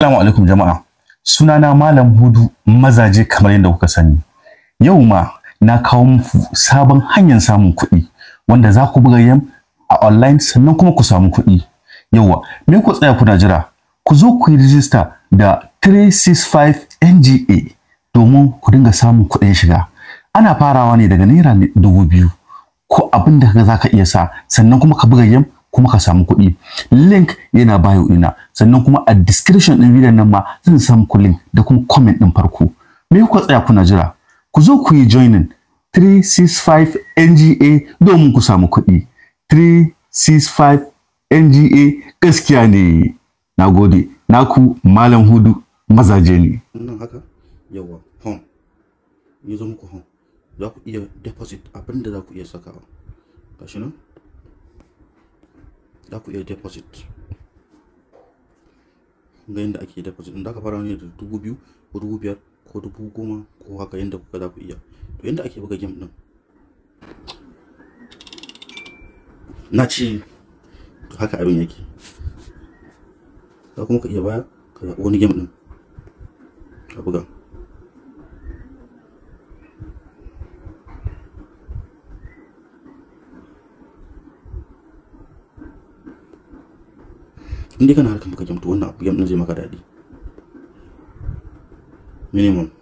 Assalamu alaikum jama'a. Sunana Malam Hudu mazaje kamar yadda kuka sani. Yau ma na kawo muku sabon hanyar samun kuɗi wanda za ku buga yam a online sannan kuma ku samu kuɗi. Yauwa, me ku tsaya kuna jira? Ku zo ku yi rijista da 365 NGA domin ku dinga samun kuɗin shiga. Ana farawa ne daga naira dubu biyu ko abinda da za ka iya sa sannan kuma ka buga yam kuma ka samu kuɗi link yana bayo ina sannan kuma a description ɗin video nan ma zan samu ku link da kuma comment ɗin farko me kuka tsaya kuna jira ku zo ku yi joining 365 nga domin ku samu kuɗi 365 nga gaskiya ne na gode naku malam hudu mazaje ne yawa home ya zo muku home za ku iya deposit abinda za ku iya sakawa nan za ku iya deposit ga yadda ake deposit inda aka ka fara ne da dubu biyu ko dubu biyar ko dubu goma ko haka yadda kuka za ku iya to yadda ake buga game din na ce to haka abin yake za kuma ka iya baya ka zaɓi wani game din ka buga in dai kana harkar baka game wannan abu yamma zai maka dadi minimum